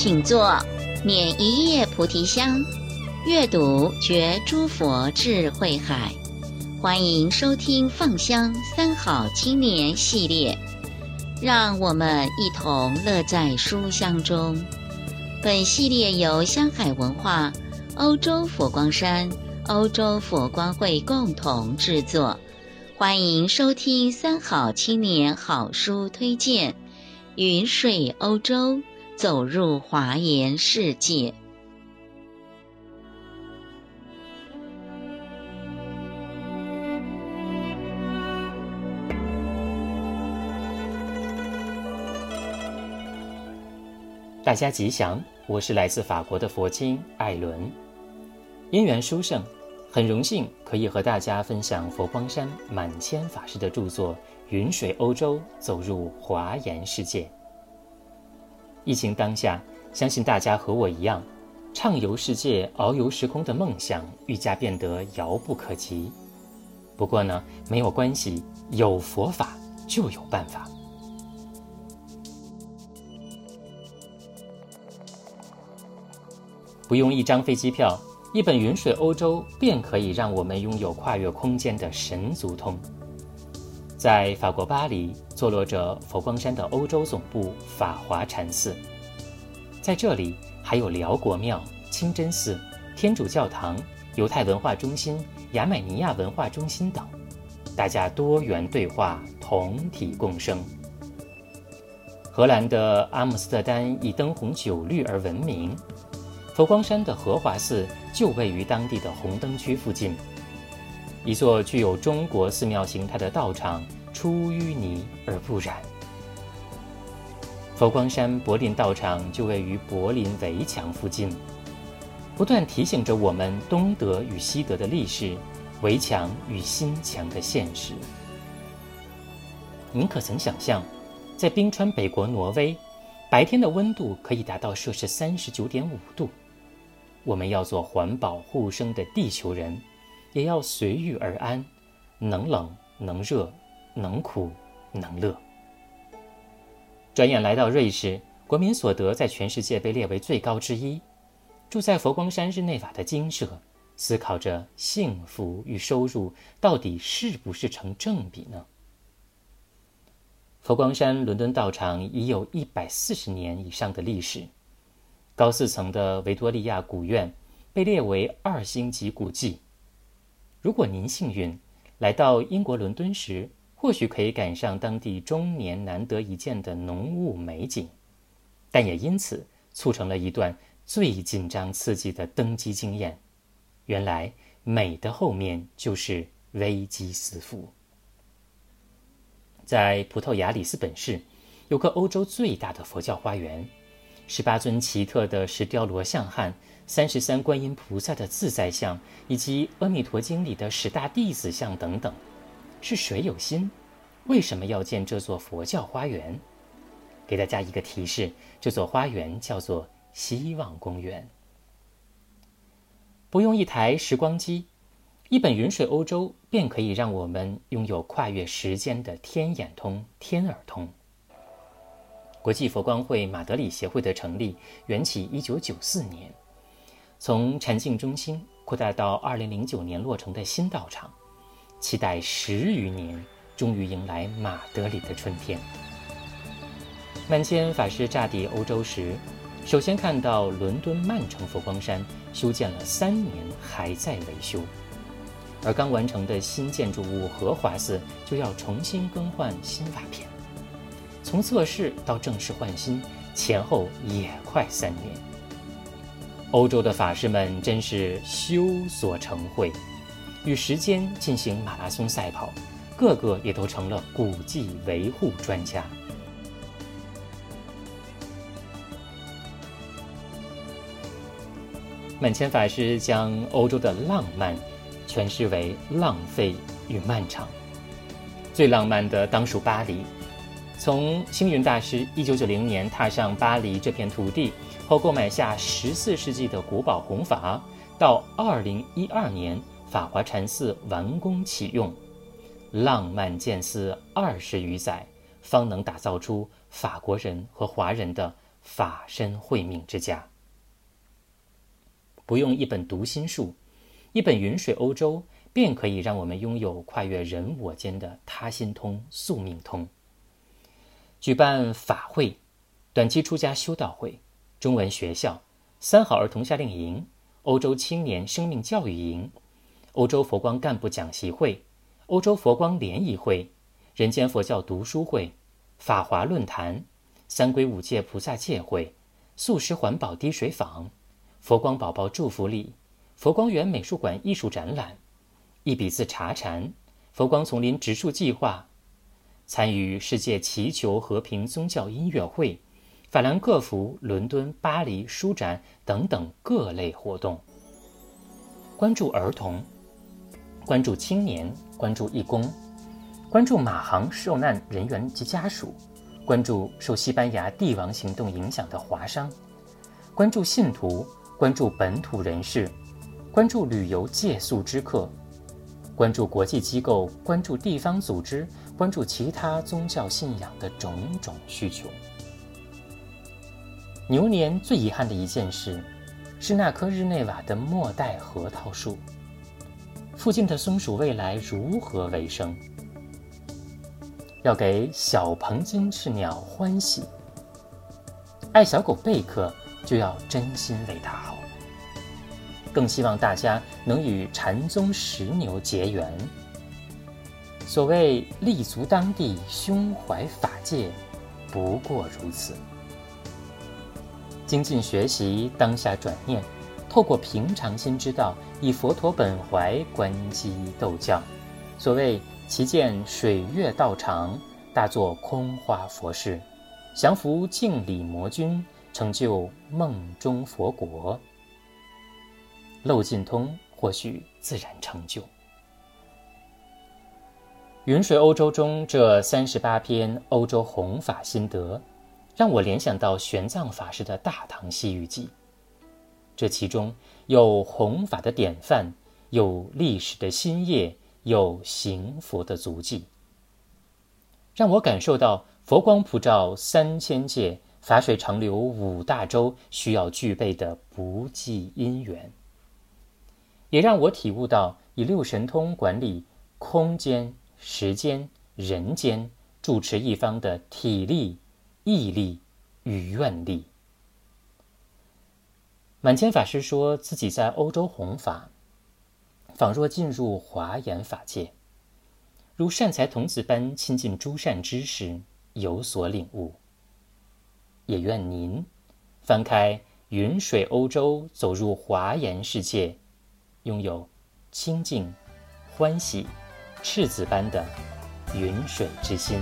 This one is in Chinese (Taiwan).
請坐，免一夜菩提香，閱讀覺諸佛智慧海。歡迎收聽《放香三好青年》系列，讓我們一同樂在書香中。本系列由香海文化、歐洲佛光山、歐洲佛光會共同制作。歡迎收聽《三好青年好書推薦》，雲水歐洲。走入華嚴世界。大家吉祥，我是來自法國的佛青艾倫，因緣殊勝，很榮幸可以和大家分享佛光山滿謙法師的著作《雲水歐洲》，走入華嚴世界。疫情當下，相信大家和我一樣，暢遊世界、遨遊時空的夢想愈加變得遙不可及。不過呢，沒有關係，有佛法就有辦法。不用一張飛機票，一本《雲水歐洲》便可以讓我們擁有跨越空間的神足通。在法國巴黎，坐落着佛光山的歐洲總部法華禪寺，在這裡還有遼國廟、清真寺、天主教堂、猶太文化中心、亞美尼亞文化中心等，大家多元對話，同體共生。荷蘭的阿姆斯特丹以燈紅酒綠而聞名，佛光山的荷華寺就位於當地的紅燈區附近。一座具有中國寺廟形態的道場，出淤泥而不染。佛光山柏林道場就位於柏林圍牆附近，不斷提醒着我們東德與西德的歷史，圍牆與新牆的現實。您可曾想象，在冰川北國挪威，白天的溫度可以達到攝氏三十九點五度？我們要做環保護生的地球人。也要隨遇而安，能冷能熱，能苦能樂。轉眼來到瑞士，國民所得在全世界被列為最高之一。住在佛光山日內瓦的精舍，思考着幸福與收入到底是不是成正比呢？佛光山倫敦道場已有一百四十年以上的歷史，高四層的維多利亞古院被列為二星級古蹟。如果您幸運，來到英國倫敦時，或許可以趕上當地中年難得一見的濃霧美景，但也因此促成了一段最緊張刺激的登機經驗。原來美的後面就是危機四伏。在葡萄牙里斯本市，有個歐洲最大的佛教花園，十八尊奇特的石雕羅漢像。三十三觀音菩薩的自在像，以及《阿彌陀經》裡的十大弟子像等等，是誰有心？為什麼要建這座佛教花園？給大家一個提示：這座花園叫做希望公園。不用一台時光機，一本《雲水歐洲》便可以讓我們擁有跨越時間的天眼通、天耳通。國際佛光會馬德里協會的成立，緣起一九九四年。從禪淨中心擴大到2009年落成的新道場，期待十餘年，終於迎來馬德里的春天。滿謙法師乍抵歐洲時，首先看到倫敦曼城佛光山修建了三年還在維修，而剛完成的新建築物荷華寺就要重新更換新瓦片，從測試到正式換新，前後也快三年。歐洲的法師們真是修所成慧，與時間進行馬拉松賽跑，個個也都成了古蹟維護專家。滿謙法師將歐洲的浪漫詮釋為浪費與漫長，最浪漫的當屬巴黎。從星雲大師一九九零年踏上巴黎這片土地後，購買下十四世紀的古堡弘法，到二零一二年法華禪寺完工啟用，浪漫建寺二十餘載，方能打造出法國人和華人的法身慧命之家。不用一本讀心術，一本雲水歐洲，便可以讓我們擁有跨越人我間的他心通、宿命通。舉辦法會、短期出家修道會、中文學校、三好兒童夏令營、歐洲青年生命教育營、歐洲佛光幹部講習會、歐洲佛光聯誼會、人間佛教讀書會、法華論壇、三皈五戒菩薩戒會、素食環保滴水坊、佛光寶寶祝福禮、佛光園美術館藝術展覽、一筆字茶禪、佛光叢林植樹計劃。參與世界祈求和平宗教音樂會、法蘭克福、倫敦、巴黎書展等等各類活動。關注兒童，關注青年，關注義工，關注馬航受難人員及家屬，關注受西班牙帝王行動影響的華商，關注信徒，關注本土人士，關注旅遊借宿之客。關注國際機構，關注地方組織，關注其他宗教信仰的種種需求。牛年最遺憾的一件事，是那棵日內瓦的末代核桃樹。附近的松鼠未來如何為生？要給小鵬金翅鳥歡喜，愛小狗貝克就要真心為它好。更希望大家能與禪宗石牛結緣。所謂立足當地，胸懷法界，不過如此。精進學習，當下轉念，透過平常心之道，以佛陀本懷觀機逗教。所謂其見水月道場，大作空花佛事，降服鏡裡魔君，成就夢中佛國。漏盡通，或許自然成就。雲水歐洲中這三十八篇歐洲弘法心得，讓我聯想到玄奘法師的大唐西域記。這其中有弘法的典範，有歷史的新頁，有行佛的足跡，讓我感受到佛光普照三千界，法水長流五大洲，需要具備的不計因緣。也讓我體悟到以六神通管理空間、時間、人間，住持一方的體力、毅力與願力。滿謙法師說自己在歐洲弘法，仿若進入華嚴法界，如善財童子般親近諸善知識，有所領悟。也願您翻開《雲水歐洲》，走入華嚴世界。擁有清淨、歡喜、赤子般的雲水之心。